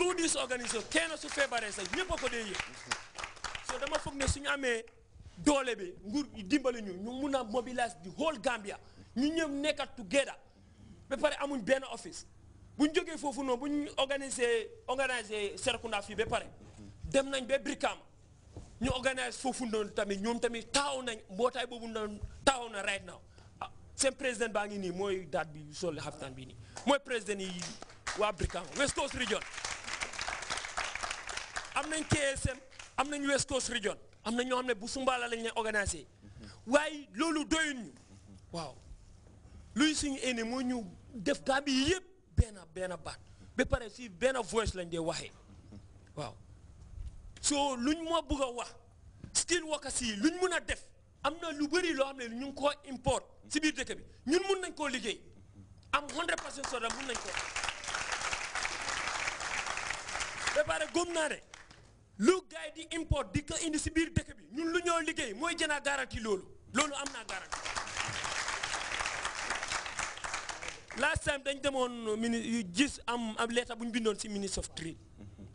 through this organisation kenn su feebaree sax ñëpp a ko dee yëg so dama foog ne suñu amee doole bi nguur dimbali ñu ñu mun a mobiliser the whole Gambia ñu ñëw nekkat together ba pare amuñ Ben office bu ñu jógee foofu noonu bu ñu organiser organiser Serekunda fii ba pare dem nañ ba Brikama ñu organiser foofu noonu tamit ñoom tamit taxaw nañ mbootaay boobu noonu taxaw na right now ah, seen président baa ngi nii mooy daat bi sol xaftaan bi nii mooy président yi waa Brikama West Coast Region am nañ KSM am nañ West Coast Region am na ñoo xam ne bu sumbaala lañ leen organisé waaye loolu doyul ñu waaw luy suñu ennemi moo ñu def gaa bi yëpp benn benn baat ba pare si benn voice lañ dee waxee waaw so luñ moo bëgg a wax style wakkas yi luñ mun a def am na lu bëri loo xam ne ñu ngi koo import biir dëkk bi ñun mun nañ koo liggéey am 100 mun nañ koo ba pare góom naa de lu gars yi di import di ko indi si biir dëkk bi ñun lu ñoo liggéey mooy jënaa garantie loolu loolu am naa garantie last time dañ demoon mini gis am am leeta bu ñu bindoon si ministre of trade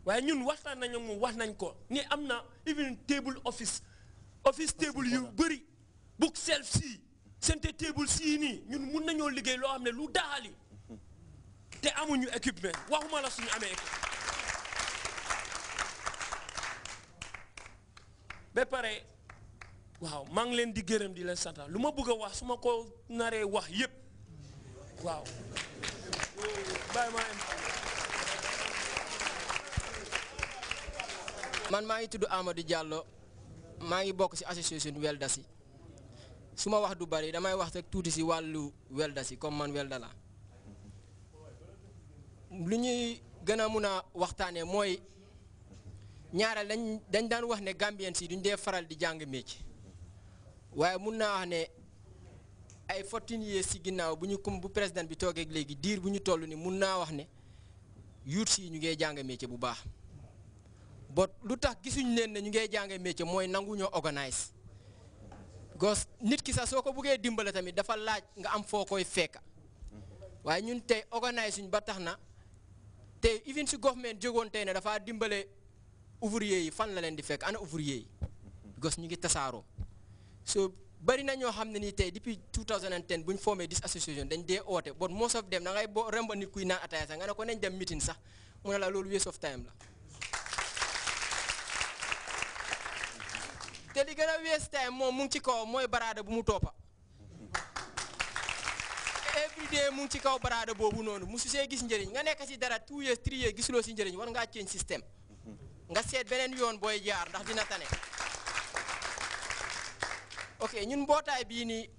waaye ñun waxtaan nañu moom wax nañ ko ni am na even table office office table yu bëri book shelf si sente table sii nii ñun mun nañoo liggéey loo xam ne lu daaxali te amuñu équipement waxuma la suñu amee Be pare wow, mang ngi leen di gërëm di leen sant luma bëgg a wax suma ko naree wax yépp waaw bàyyi ma man maa ngi tudd Amadou Diallo maa ngi bokk ci association weldasi si wax du bari damay wax rek tuuti ci wàllu weldasi comme man welda la lu ñuy gën a mun a ñaaral dañ dañ daan wax ne gambiens yi duñ dee faral di jàng mécc waaye mun naa wax ne ay fortune yee si ginnaaw bu ñu kum bu président bi toogeeg léegi diir bu ñu toll ni mun naa wax ne yuut si ñu ngi jàng mécce bu baax ba lu tax gisuñ leen ne ñu ngi jàng mécce mooy nanguñoo organise gos nit ki sa soo ko buggee dimbale tamit dafa laaj nga am foo koy fekk waaye ñun tey organise suñ ba tax na tey even su government jógoon tey ne dafa dimbale ouvrier yi fan la leen di fekk ana ouvrier yi gos ñu ngi tasaaroo so bari na ñoo xam ne ni tey depuis 2010 bu ñu formé this association dañ dee ote bon most of dem da ngay bo remba nit kuy naan ataaya sax nga ne ko nañ dem meeting sax mu ne la loolu waste of time la te li gën a waste time moom mu ngi ci kaw mooy baraada bu mu toppa everyday mu ngi ci kaw baraada boobu noonu musu see gis njëriñ nga nekk si dara two years three years gisuloo si njëriñ war ngaa change système nga seet beneen yoon booy jaar ndax dina tane ok ñun mbootaay bii nii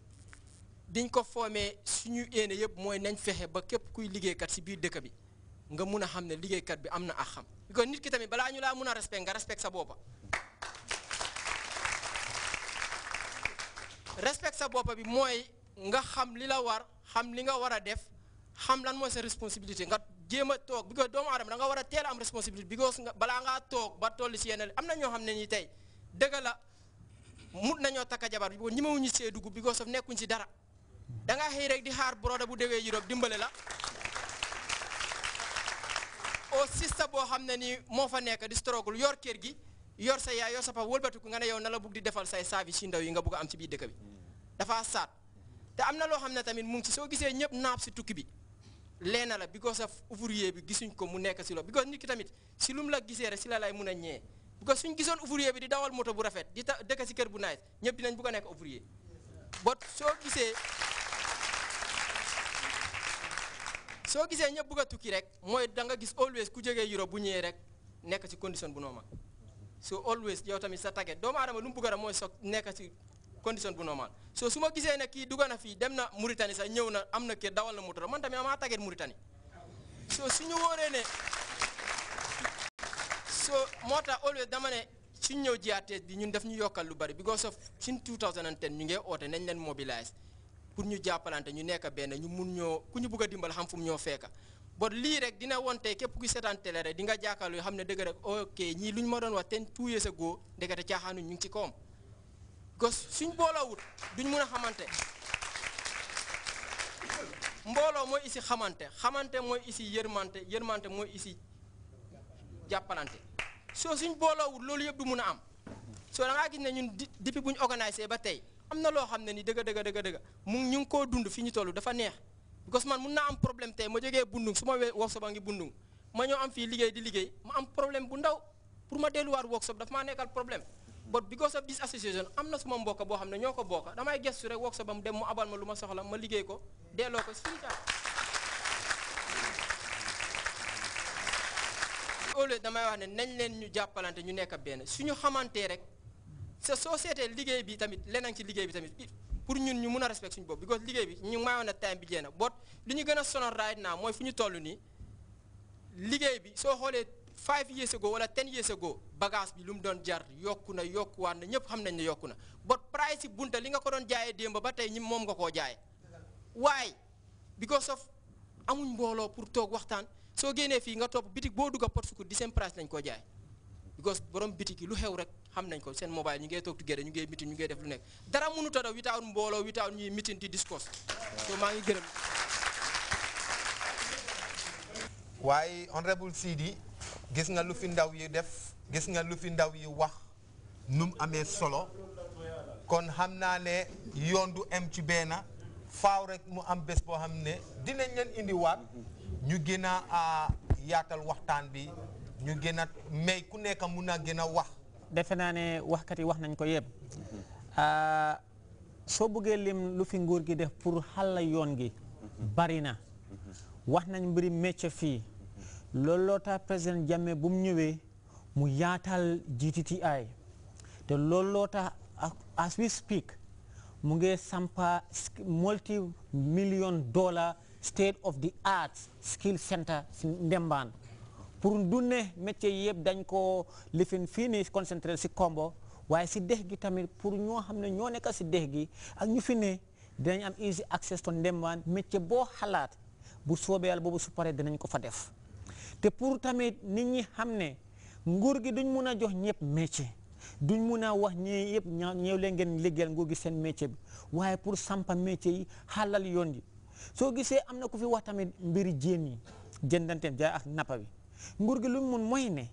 diñ ko foomee suñu yéene yëpp mooy nañ fexe ba képp kuy liggéeykat si biir dëkk bi nga mun a xam ne liggéeykat bi am na ak xam kon nit ki tamit balaa ñu laa mun a respect nga respect sa boppa respect sa boppa bi mooy nga xam li la war xam li nga war a def xam lan mooy sa responsabilité nga jéem tok because doma adam da nga wara tel teel am responsabilité because balaa ngaa toog ba toll ci yenal amna ño xamne ni tay dëgg la mut nañoo takka jabar bi ñi mawuñu see dugg because of nekkun ci dara da nga xey rek di xaar broda bu dewe Europe dimbalé la o sista bo xamne ni mo fa nekk di struggle yor kër gi yor sa yaay yor sa papa ko nga ne yow nala bu di defal say service ci ndaw yi nga bu a am ci bi dekk bi dafa sat te amna lo xamne tamit mu ngi si gisee ñep nap si tukki bi lena la because of ouvrier bi gisuñ ko mu nekk because nit ki tamit si lum la gisé rek si la lay mëna ñé because suñ gisone ouvrier bi di dawal moto bu rafet di dekk ci si kër bu nice ñepp dinañ bu ko nekk ouvrier but so gisé so gisé ñepp bu ko tukki rek moy da nga gis always ku jégué euro bu ñëwee rek nekk ci condition bu normal so always yow tamit sa do ma adam lu mu bugg a moy so ci condition bu normal so su ma gisee ne kii dugg na fii dem na Mauritanie sax ñëw na am na kër dawal na moto man tamit amaa tàgget Mauritanie so su ñu wóoree ne moo tax always dama suñ ñëw GRTS bi ñun daf ñu yokkal lu bari because of suñ 2010 ñu ngee oote nañ leen mobilize pour ñu jàppalante ñu nekk benn ñu mun ñoo ku ñu bugg a dimbal xam fu mu ñoo fekka bon lii rek dina wonte képp ku seetaan télé rek di nga jàkkaarloo xam ne dëgg rek ok ñii lu ñu ma doon wax ten two years ago ndekete caaxaanuñ ñu ngi ci koom gos suñ booloowut duñ mun a xamante mbooloo mooy isi xamante xamante mooy isi yërmante yërmante mooy isi jàppalante soo suñ booloowut loolu yëpp du mun a am soo da gis ne ñun depuis bu ñu organisé ba tey am na loo xam ne ni dëgg dëgg dëgg dëgg mu ñu ngi koo dund fi ñu toll dafa neex gos man mun naa am problème tey ma jógee bundung su ma workshop a ngi bundung ma ñoo am fii liggéey di liggéey ma am problème bu ndaw pour ma delluwaat workshop dafa maa nekkal problème but because of this association am na suma mbokk boo xam ne ñoo ko bokk damay gestu rek wokk sa ba mu dem mu abal ma lu ma soxla ma liggéey ko delloo ko suñu taal. loolu damay wax ne nañ leen ñu jàppalante ñu nekk benn suñu xamante rek sa soo seetee liggéey bi tamit leneen ci liggéey bi tamit pour ñun ñu mun a respect suñu bopp because liggéey bi ñu mayoon na time bi jeex na bot li ñu gën a sonor right now mooy fu ñu toll nii liggéey bi soo xoolee. five years ago wala ten years ago bagage bi lu mu doon jar yokku na yokkuwaat na ñëpp xam nañ ne yokku na but price yi bunta li nga ko doon jaayee démb ba tey ñi moom nga koo jaayee waaye because of amuñ mbooloo pour toog waxtaan So gene fi nga topp bitik boo dugga pot sukkur di seen price lañ koo jaay because borom bitik yi lu xew rek xam nañ ko seen mobile ñu ngey toog together ñu ngey meeting ñu ngey def lu nekk dara mënut a daw without mbooloo without ñuy meeting di discuss so maa ngi gërëm waaye honorable Sidi gis nga lu fi ndaw yi def gis nga lu fi ndaw yi wax nu mu amee solo kon xam naa ne yoon du am ci benn faaw rek mu am bés boo xam ne dinañ leen indiwaat ñu gën a yaatal waxtaan bi ñu gën a may ku nekk mun a gën a wax. defe naa ne waxkat yi wax nañ ko yëpp mhm. ah, soo bëggee lim lu fi nguur gi def pour xàll yoon gi bari na mhm. wax nañ mbiri métier fii. loolu loo tax président Jammeh bu mu ñëwee mu yaatal GTTI te loolu loo tax as we speak mu ngi sampa multi million dollar state of the arts skill center si Ndembaan pour du ne métier yëpp dañ ko lifin fii nii si Kombo waaye si dex gi tamit pour ñoo xam ne ñoo nekk si dex gi ak ñu fi ne dinañ am easy access to Ndembaan métier boo xalaat bu soobee boobu su paree dinañ ko fa def te pour tamit nit ñi xam ne nguur gi duñ mun a jox ñëpp métier duñ mun a wax ñi yëpp ña ñëw leen ngeen liggéeyal nguur gi seen métier bi waaye pour sampa métier yi xalal yoon yi soo gisee am na ku fi wax tamit mbiri jéen yi jëndanteem jaay ak nappa bi nguur gi lu mu mun mooy ne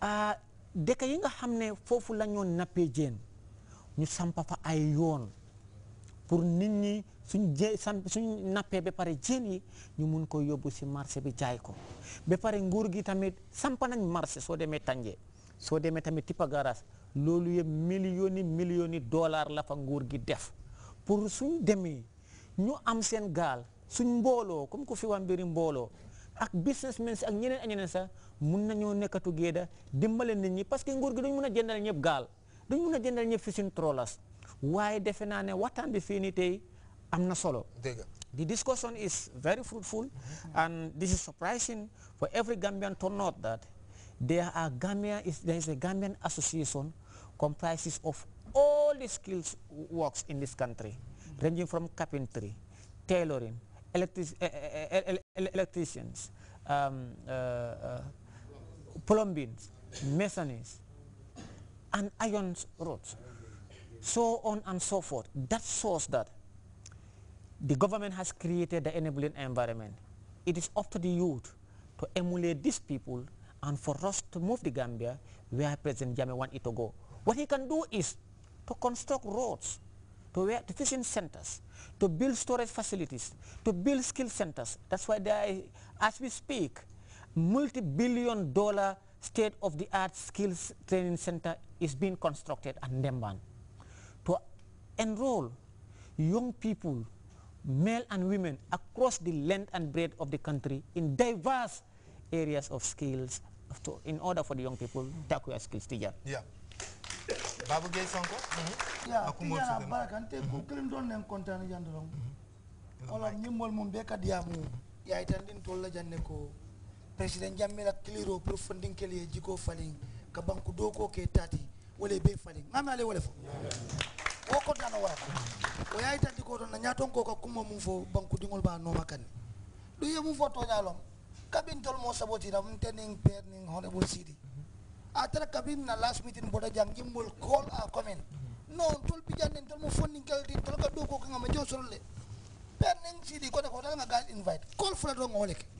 ah dëkk yi nga xam ne foofu la nappee jéen ñu sampa fa ay yoon pour nit ñi. suñ jee sam suñ nappee ba pare jeen yi ñu mun ko yóbbu si marché bi jaay ko ba pare nguur gi tamit samp nañ marché soo demee Tanje soo demee tamit Tipa Garas loolu yëpp millions yi millions yi la fa nguur gi def pour suñ demee ñu am seen gaal suñ mbooloo comme ku fi waa mbiri mbooloo ak businessmen si ak ñeneen ak ñeneen sax mun nañoo nekkatu géeda dimbale nit ñi parce que nguur gi duñ mun a jëndal ñëpp gaal duñ mun a jëndal ñëpp fishing trawlers waaye defe naa ne waxtaan bi fii nii tey. am not solo the discussion is very fruitful mm -hmm. and this is surprising for every Gambian to note that there are Gambian. is there is a Gambian association comprises of all the skills works in this country, mm -hmm. ranging from carpentry, tailoring, electric, eh, eh, eh, um, uh, uh, uh, electricians, um, plumbing, masons, and iron rods, so on and so forth. That shows that the government has created the enabling environment. It is up to the youth to emulate these people and for us to move the Gambia where President Jammeh wants it to go. What he can do is to construct roads, to, where, to fishing centers, to build storage facilities, to build skill centers. That's why are, as we speak, multi-billion dollar state-of-the-art skills training center is being constructed at Nemban to enroll young people male and women across the length and breadth of the country in diverse areas of skills to, in order for the young people to acquire skills teacher. Yeah. Babu gay sonko? Mm-hmm. Yeah, tiya barakante kukirin don nem kontani jandolong. Ola nyimol mum beka diamu mm-hmm. ya itandin tolla janne ko president jammila clearo pour funding keliye jiko falling ka banku ko ke tati wala be falling ngamale wala fo. wo kontano warata o yawi tanti ko toon na ñaton ko a kumma mum fo bankudiŋol ba nooma kandi ɗum ye mum fo toñalom kabintol mo sabotira um tenin père nin honorable sidi a tara kabin na last meeting boda jang jimbol call a commune non tol bijannen tol mo fonnin keltin tol ka ɗo ko kangama jo sorole père nin sidi kote ko tala nga gal invite call fula to ngoleke